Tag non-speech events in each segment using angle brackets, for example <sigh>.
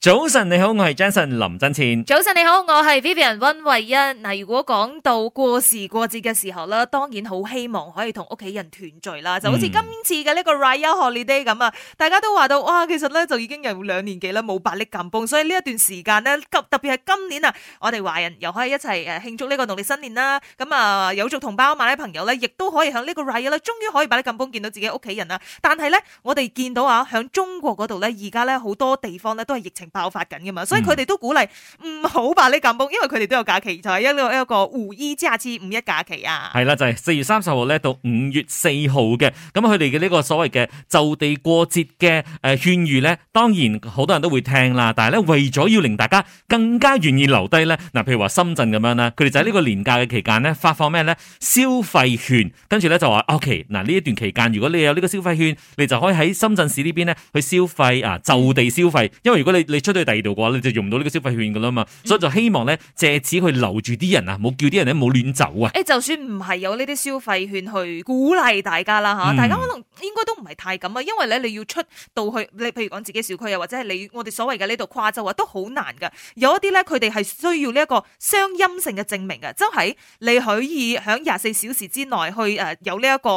早晨你好，我係 Jason 林振前。早晨你好，我係 Vivian 溫慧欣。嗱，如果講到過時過節嘅時候啦，當然好希望可以同屋企人團聚啦，就好似今次嘅呢個 Raya Holiday 咁啊。大家都話到哇，其實咧就已經有兩年幾啦，冇 balik kampung，所以呢一段時間咧，特別係今年啊，我哋華人又可以一齊誒慶祝呢個農曆新年啦。咁啊、呃，友族同胞、馬來朋友咧，亦都可以響呢個 Raya 啦，終於可以 balik kampung 見到自己屋企人啦。但係咧，我哋見到啊，響中國度咧，而家咧好多地方咧都係疫情。爆發緊噶嘛，所以佢哋都鼓勵唔好吧呢間屋，因為佢哋都有假期，就係一一個五一、之下次五一假期啊，係啦，就係四月三十號咧到五月四號嘅，咁佢哋嘅呢個所謂嘅就地過節嘅誒勸諭呢，當然好多人都會聽啦，但係呢，為咗要令大家更加願意留低呢，嗱，譬如話深圳咁樣啦，佢哋就喺呢個年假嘅期間呢，發放咩呢？消費券，跟住呢，就話，ok，嗱呢一段期間如果你有呢個消費券，你就可以喺深圳市呢邊呢去消費啊，就地消費，因為如果你。出到第二度嘅話，你就用唔到呢個消費券噶啦嘛，所以就希望咧，借此去留住啲人啊，冇叫啲人咧冇亂走啊！誒，就算唔係有呢啲消費券去鼓勵大家啦吓、嗯，大家可能應該都唔係太咁啊，因為咧你要出到去，你譬如講自己小區啊，或者係你我哋所謂嘅呢度跨州啊，都好難噶。有一啲咧，佢哋係需要呢一個雙陰性嘅證明嘅，即係你可以響廿四小時之內去誒有呢一個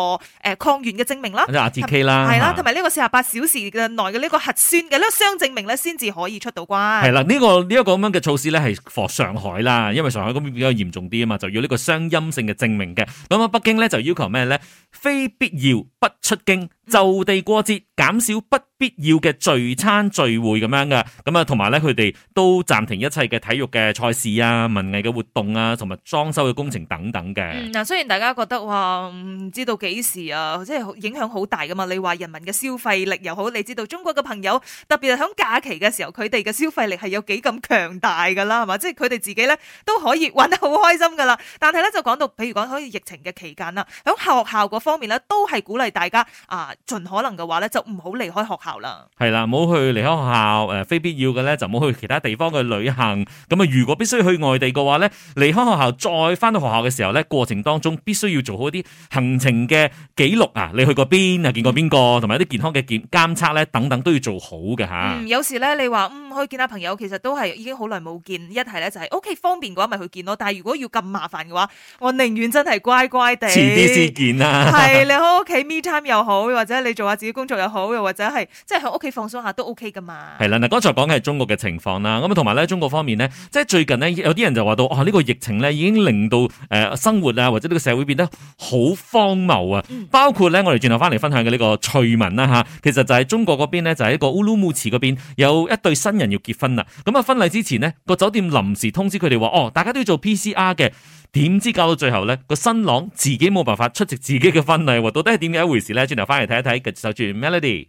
誒抗原嘅證明啦，即係 RTK 啦，係啦，同埋呢個四十八小時嘅內嘅呢個核酸嘅呢雙證明咧，先至可以。而出到關係啦，呢個呢一個咁樣嘅措施咧，係防上海啦，因為上海嗰邊比較嚴重啲啊嘛，就要呢個雙陰性嘅證明嘅。咁啊，北京咧就要求咩咧？非必要不出京，就地過節，減少不必要嘅聚餐聚會咁樣㗎。咁啊，同埋咧，佢哋都暫停一切嘅體育嘅賽事啊、文藝嘅活動啊，同埋裝修嘅工程等等嘅。嗱，雖然大家覺得哇，唔知道幾時啊，即係影響好大噶嘛。你話人民嘅消費力又好，你知道中國嘅朋友特別係響假期嘅時候佢。佢哋嘅消費力係有幾咁強大噶啦，係嘛？即係佢哋自己咧都可以玩得好開心噶啦。但係咧就講到，比如講喺疫情嘅期間啦，響學校嗰方面咧都係鼓勵大家啊，盡可能嘅話咧就唔好離開學校啦。係、嗯、啦，唔好去離開學校誒，非必要嘅咧就唔好去其他地方去旅行。咁啊，如果必須去外地嘅話咧，離開學校再翻到學校嘅時候咧，過程當中必須要做好啲行程嘅記錄啊，你去過邊啊，見過邊個，同埋一啲健康嘅檢監測咧等等都要做好嘅吓，嗯。有時咧你話。嗯、去見下朋友，其實都係已經好耐冇見，一係咧就係屋企方便嘅話咪去見咯。但係如果要咁麻煩嘅話，我寧願真係乖乖哋遲啲先見啦。係，你喺屋企 me time 又好，或者你做下自己工作又好，又或者係即係喺屋企放鬆下都 O.K. 噶嘛。係啦，嗱剛才講嘅係中國嘅情況啦。咁啊，同埋咧中國方面咧，即係最近咧有啲人就話到啊，呢、哦這個疫情咧已經令到誒生活啊，或者呢個社會變得好荒謬啊、嗯。包括咧我哋轉頭翻嚟分享嘅呢個趣聞啦吓，其實就係中國嗰邊咧，就係、是、一個烏魯木齊嗰邊有一對。新人要結婚啦，咁啊婚禮之前呢個酒店臨時通知佢哋話，哦大家都要做 PCR 嘅，點知搞到最後呢個新郎自己冇辦法出席自己嘅婚禮，到底係點樣一回事呢？轉頭翻嚟睇一睇，繼續住 Melody。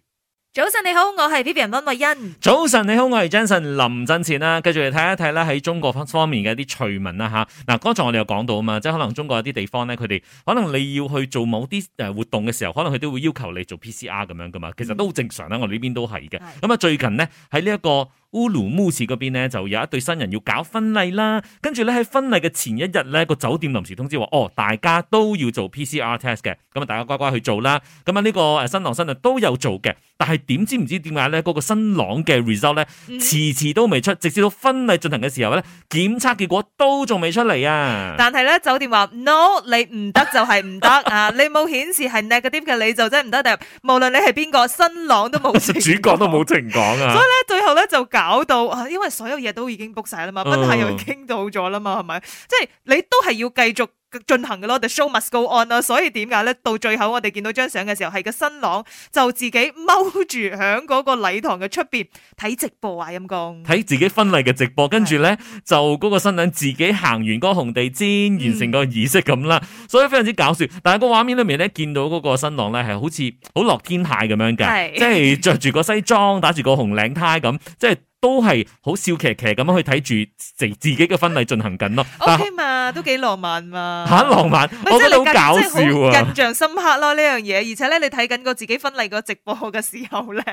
早晨你好，我係 Vivian 溫慧欣。早晨你好，我係 Jason 林振前啦。繼續嚟睇一睇啦，喺中國方面嘅一啲趣聞啦吓。嗱，剛才我哋有講到啊嘛，即係可能中國有啲地方咧，佢哋可能你要去做某啲誒活動嘅時候，可能佢都會要求你做 P C R 咁樣噶嘛。其實都好正常啦、嗯，我哋呢邊都係嘅。咁啊，最近咧喺呢一個。烏魯穆斯嗰邊呢，就有一對新人要搞婚禮啦，跟住咧喺婚禮嘅前一日咧，個酒店臨時通知話，哦，大家都要做 PCR test 嘅，咁啊大家乖乖去做啦。咁啊呢個誒新郎新娘都有做嘅，但係點知唔知點解咧嗰個新郎嘅 result 咧，遲遲都未出，直至到婚禮進行嘅時候咧檢測結果都仲未出嚟啊！但係咧酒店話 no，你唔得就係唔得啊！ <laughs> 你冇顯示係 negative 嘅你就真係唔得，但係無論你係邊個新郎都冇。 <laughs> 主角都冇情講啊！ <laughs> 所以咧最後咧就搞。搞到啊！因為所有嘢，都已經 book 晒啦嘛，不、uh, 太又傾到咗啦嘛，係咪？即係你都係要繼續進行嘅咯，The show must go on 啊！所以點解咧？到最後我哋見到張相嘅時候，係個新郎就自己踎住響嗰個禮堂嘅出邊睇直播啊！陰公睇自己婚禮嘅直播，跟住咧就嗰個新娘自己行完嗰個紅地毯，完成個儀式咁啦，嗯。所以非常之搞笑。但係個畫面裏面咧，見到嗰個新郎咧係好似好落天蟹咁樣嘅，即係着住個西裝，打住個紅領呔咁，即係。都係好笑騎騎咁樣去睇住自己嘅婚禮進行緊咯，O K 嘛，都幾浪漫嘛很、啊、浪漫，不我真係好搞笑印、啊、象深刻咯呢樣嘢，而且咧你睇緊個自己婚禮個直播嘅時候咧，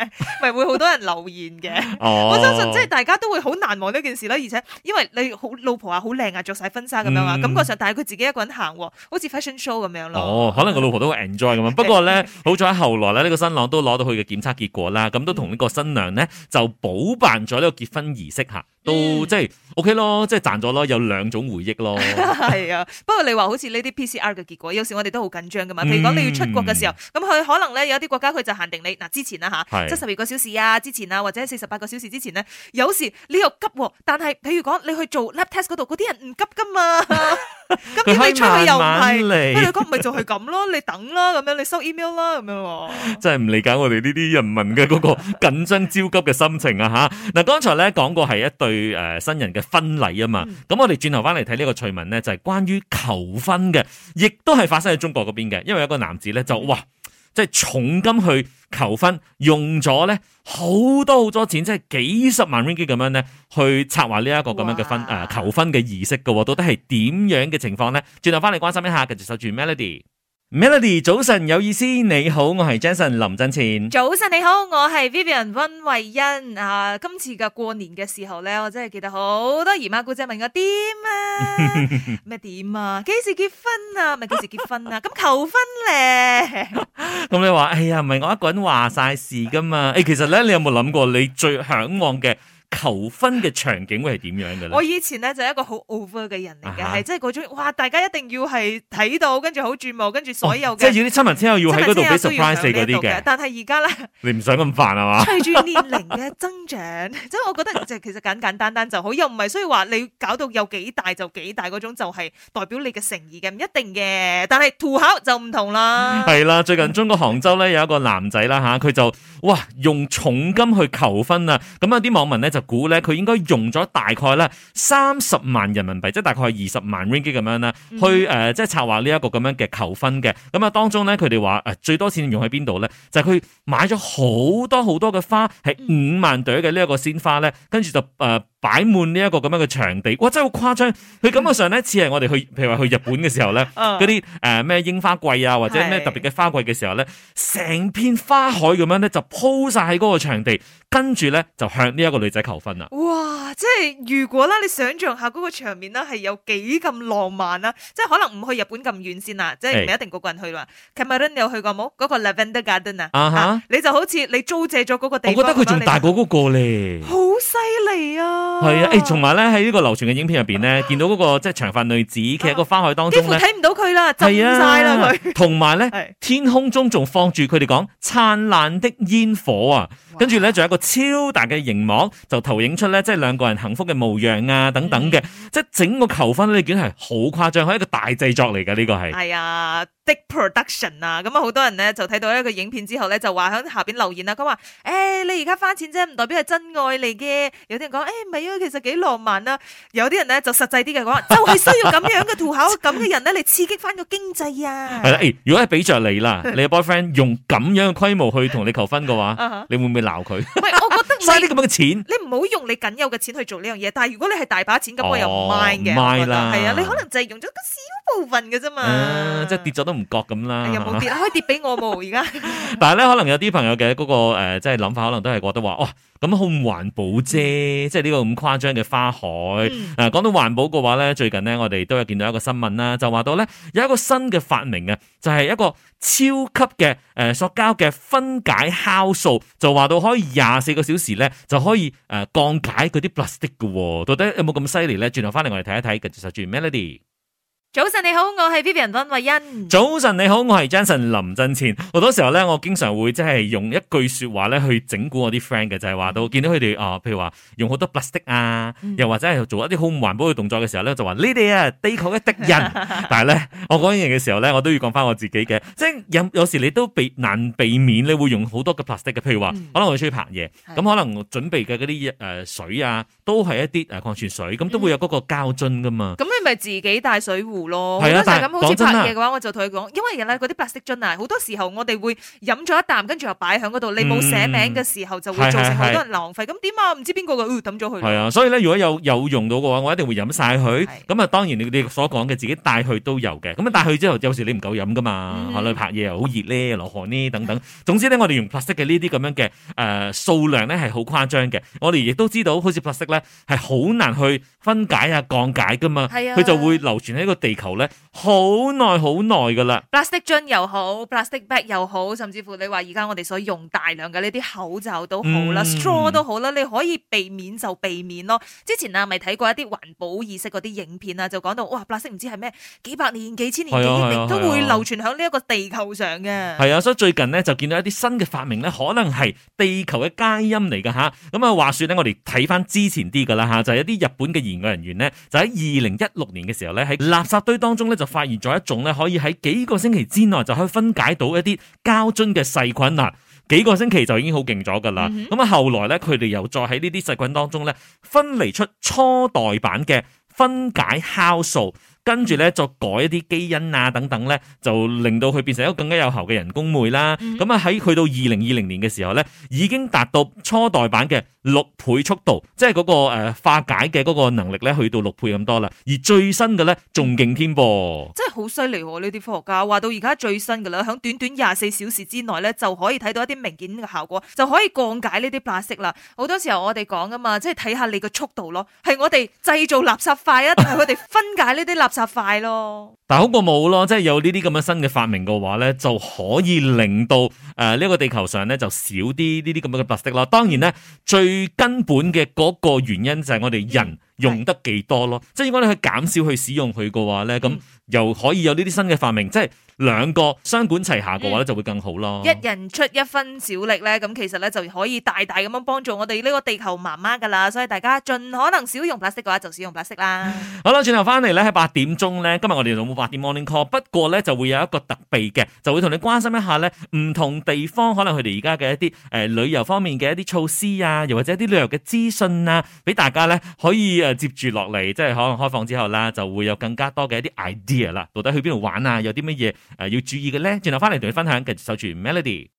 咪 <laughs> 會好多人留言嘅、哦，我相信即係大家都會好難忘呢件事啦，而且因為你好老婆啊好靚啊，着晒婚紗咁樣啊、嗯，感覺上但係佢自己一個人行，好似 fashion show 咁樣咯，哦，可能個老婆都會 enjoy 咁樣， <laughs> 不過咧呢 <laughs> 好在後來咧呢、這個新郎都攞到佢嘅檢測結果啦，咁都同呢個新娘咧就補辦咗。呢個結婚儀式吓。都、嗯、即係 OK 咯，即係賺咗咯，有兩種回憶咯。 <laughs> 係啊，不過你話好似呢啲 PCR 嘅結果，有時我哋都好緊張噶嘛。譬如講你要出國嘅時候，咁、嗯、佢可能咧有啲國家佢就限定你嗱之前啦、啊、吓，七十二個小時啊，之前啊或者四十八個小時之前咧，有時你又急，但係譬如講你去做 lab test 嗰度，嗰啲人唔急噶嘛。咁 <laughs> 他可以笑你出去又唔係？慢慢 <laughs> 你講唔咪就係咁咯，你等啦，咁樣你收 email 啦，咁樣。真係唔理解我哋呢啲人民嘅嗰個緊張焦急嘅心情啊吓。嗱 <laughs> 剛、啊、才咧講過係一對。去誒、呃、新人嘅婚禮啊嘛，咁、嗯、我哋轉頭翻嚟睇呢個趣聞咧，就係、是、關於求婚嘅，亦都係發生喺中國嗰邊嘅。因為有一個男子咧，就哇，即係重金去求婚，用咗咧好多好多錢，即係幾十萬 ringgit 咁樣咧，去策劃呢一個咁樣嘅婚誒求婚嘅儀式嘅、哦。到底係點樣嘅情況咧？轉頭翻嚟關心一下，繼續守住 Melody。Melody，早晨有意思，你好，我係 Jason 林振前。早晨你好，我係 Vivian 溫慧欣。啊、uh,，今次嘅過年嘅時候咧，我真係記得好多姨媽姑姐問我點啊，咩 <laughs> 點啊，幾時結婚啊，咪幾時結婚啊，咁 <laughs> 求婚咧。咁、嗯、你話，哎呀，唔係我一個人話晒事噶嘛。誒，其實咧，你有冇諗過你最向往嘅？求婚嘅場景會係點樣嘅咧？我以前咧就係一個好 over 嘅人嚟嘅，係即係嗰種哇，大家一定要係睇到，跟住好注目，跟住所有嘅、哦。即係要啲親朋戚友要喺嗰度俾 surprise 嗰啲嘅。但係而家咧，你唔想咁煩啊嘛？隨住年齡嘅增長，即 <laughs> 係我覺得就其實簡簡單單，單就好，又唔係需要話你搞到有幾大就幾大嗰種，就係代表你嘅誠意嘅，唔一定嘅。但係土豪就唔同啦。係、嗯、啦，最近中國杭州咧有一個男仔啦吓，佢就哇用重金去求婚啊！咁啊啲網民咧就。估咧，佢應該用咗大概咧三十萬人民幣，即係大概係二十萬 ringgit 咁樣啦，去誒即係策劃呢一個咁樣嘅求婚嘅。咁啊，當中咧佢哋話誒最多錢用喺邊度咧？就係佢買咗好多好多嘅花，係五萬朵嘅呢一個鮮花咧，跟住就誒擺滿呢一個咁樣嘅場地。哇！真係好誇張。佢感覺上咧似係我哋去，譬如話去日本嘅時候咧，嗰啲咩櫻花季啊，或者咩特別嘅花季嘅時候咧，成片花海咁樣咧就鋪晒喺嗰個場地，跟住咧就向呢一個女仔求婚啦！哇，即係如果啦，你想象下嗰個場面啦，係有幾咁浪漫啊！即係可能唔去日本咁遠先啦，即係唔一定個個人去啦。Cameroon 有去過冇？嗰個 Lavender Garden 啊，吓你就好似你租借咗嗰個地方。我覺得佢仲大過嗰個咧，好犀利啊！係啊，誒，同埋咧喺呢個流傳嘅影片入邊咧，見到嗰個即係長髮女子企喺個花海當中咧，幾乎睇唔到佢啦，就暗晒啦。同埋咧，天空中仲放住佢哋講燦爛的煙火啊！跟住咧仲有一個。超大嘅熒幕就投影出咧，即係兩個人幸福嘅模樣啊，等等嘅，嗯、即係整個求婚呢已經係好誇張，係一個大製作嚟嘅呢個係。係啊。production 啊，咁啊，好多人咧就睇到一個影片之後咧，就話喺下邊留言啦。佢話誒，你而家翻錢啫，唔代表係真愛嚟嘅。有啲人講誒，唔係啊，其實幾浪漫、就是、 <laughs> 啊。」有啲人咧就實際啲嘅，講就係需要咁樣嘅圖口咁嘅人咧嚟刺激翻個經濟啊。係啦，如果係俾着你啦，你嘅 boyfriend 用咁樣嘅規模去同你求婚嘅話，你會唔會鬧佢？唔係，我覺得嘥呢咁樣嘅錢。冇用你僅有嘅錢去做呢樣嘢，但係如果你係大把錢咁、哦，我又唔買嘅，係啊，你可能就係用咗少部分嘅啫嘛，即係跌咗都唔覺咁啦，又、哎、冇跌，可 <laughs> 以跌俾我喎而家。 <laughs> 但係咧，可能有啲朋友嘅嗰、那個、呃、即係諗法，可能都係覺得話，哦，咁好唔環保啫，即係呢個咁誇張嘅花海。誒、嗯，講、呃、到環保嘅話咧，最近呢，我哋都有見到一個新聞啦，就話到咧有一個新嘅發明啊，就係、是、一個超級嘅誒塑膠嘅分解酵素，就話到可以廿四個小時咧就可以誒。呃降解嗰啲 plastic 嘅，到底有冇咁犀利咧？轉頭翻嚟我哋睇一睇，跟住就轉 melody。早晨你好，我係 Vivian 溫慧欣。早晨你好，我係 Jason 林振前。好多時候咧，我經常會即係用一句說話咧去整蠱我啲 friend 嘅，就係話到見到佢哋啊，譬如話用好多 plastic 啊，又或者係做一啲好唔環保嘅動作嘅時候咧，就話呢啲啊地球嘅敵人。 <laughs> 但係咧，我講呢嘢嘅時候咧，我都要講翻我自己嘅，即、就、係、是、有有時你都避難避免，你會用好多嘅 plastic 嘅，譬如話、嗯、可能我出去拍嘢，咁可能準備嘅嗰啲誒水啊，都係一啲誒礦泉水，咁都會有嗰個膠樽噶嘛。咁、嗯、你咪自己帶水壺。咯、啊、好多就咁好似拍嘢嘅話，我就同佢講，因為咧嗰啲白色樽啊，好多時候我哋會飲咗一啖，跟住又擺喺嗰度。你冇寫名嘅時候，就會造成好多人浪費。咁點啊？唔知邊個嘅，抌咗佢。係啊，所以咧，如果有有用到嘅話，我一定會飲晒佢。咁啊，當然你哋所講嘅自己帶去都有嘅。咁啊，帶去之後有時你唔夠飲噶嘛？可、嗯、去、啊、拍嘢又好熱咧，落汗呢等等。 <laughs> 總之咧，我哋用白色嘅呢啲咁樣嘅誒數量咧係好誇張嘅。我哋亦都知道，好似白色咧係好難去分解啊、降解噶嘛。佢、啊、就會流傳喺個地。地球咧好耐好耐噶啦，plastic 樽又好，plastic bag 又好，甚至乎你話而家我哋所用大量嘅呢啲口罩都好啦，straw、嗯、都好啦，你可以避免就避免咯。之前啊，咪睇過一啲環保意識嗰啲影片啊，就講到哇，plastic 唔知係咩，幾百年、幾千年、幾億都會流傳喺呢一個地球上嘅。係啊，所以最近呢，就見到一啲新嘅發明呢，可能係地球嘅佳音嚟㗎吓。咁啊，話說呢我哋睇翻之前啲噶啦吓，就係、是、一啲日本嘅研究人員呢，就喺二零一六年嘅時候咧，喺垃圾。堆當中咧就發現咗一種咧可以喺幾個星期之內就可以分解到一啲膠樽嘅細菌啦，幾個星期就已經好勁咗㗎喇。咁啊，後來咧佢哋又再喺呢啲細菌當中咧分離出初代版嘅分解酵素。跟住咧，就改一啲基因啊，等等咧，就令到佢變成一個更加有效嘅人工酶啦。咁啊，喺去到二零二零年嘅時候咧，已經達到初代版嘅六倍速度，即係嗰、個誒、呃、化解嘅嗰個能力咧，去到六倍咁多啦。而最新嘅咧，仲勁添噃！真係好犀利喎！呢啲科學家話到而家最新噶啦，響短短廿四小時之內咧，就可以睇到一啲明顯嘅效果，就可以降解呢啲白色啦。好多時候我哋講噶嘛，即係睇下你個速度咯。係我哋製造垃圾快啊，但係佢哋分解呢啲垃圾。 <laughs> 快咯，但係好過冇咯，即係有呢啲咁樣新嘅發明嘅話咧，就可以令到誒呢個地球上咧就少啲呢啲咁樣嘅特色啦。當然咧，最根本嘅嗰個原因就係我哋人。嗯。用得幾多咯？即係如果你去減少去使用佢嘅話咧，咁、嗯、又可以有呢啲新嘅發明。即係兩個雙管齊下嘅話咧，就會更好啦、嗯。一人出一分小力咧，咁其實咧就可以大大咁樣幫助我哋呢個地球媽媽㗎啦。所以大家盡可能少用白色嘅話，就少用白色啦。好啦，轉頭翻嚟咧，喺八點鐘咧，今日我哋冇八點 morning call，不過咧就會有一個特備嘅，就會同你關心一下咧，唔同地方可能佢哋而家嘅一啲、呃、旅遊方面嘅一啲措施啊，又或者一啲旅遊嘅資訊啊，俾大家咧可以。接住落嚟，即係可能開放之後啦，就會有更加多嘅一啲 idea 啦。到底去邊度玩啊？有啲乜嘢誒要注意嘅咧？轉頭翻嚟同你分享，繼續守住 Melody。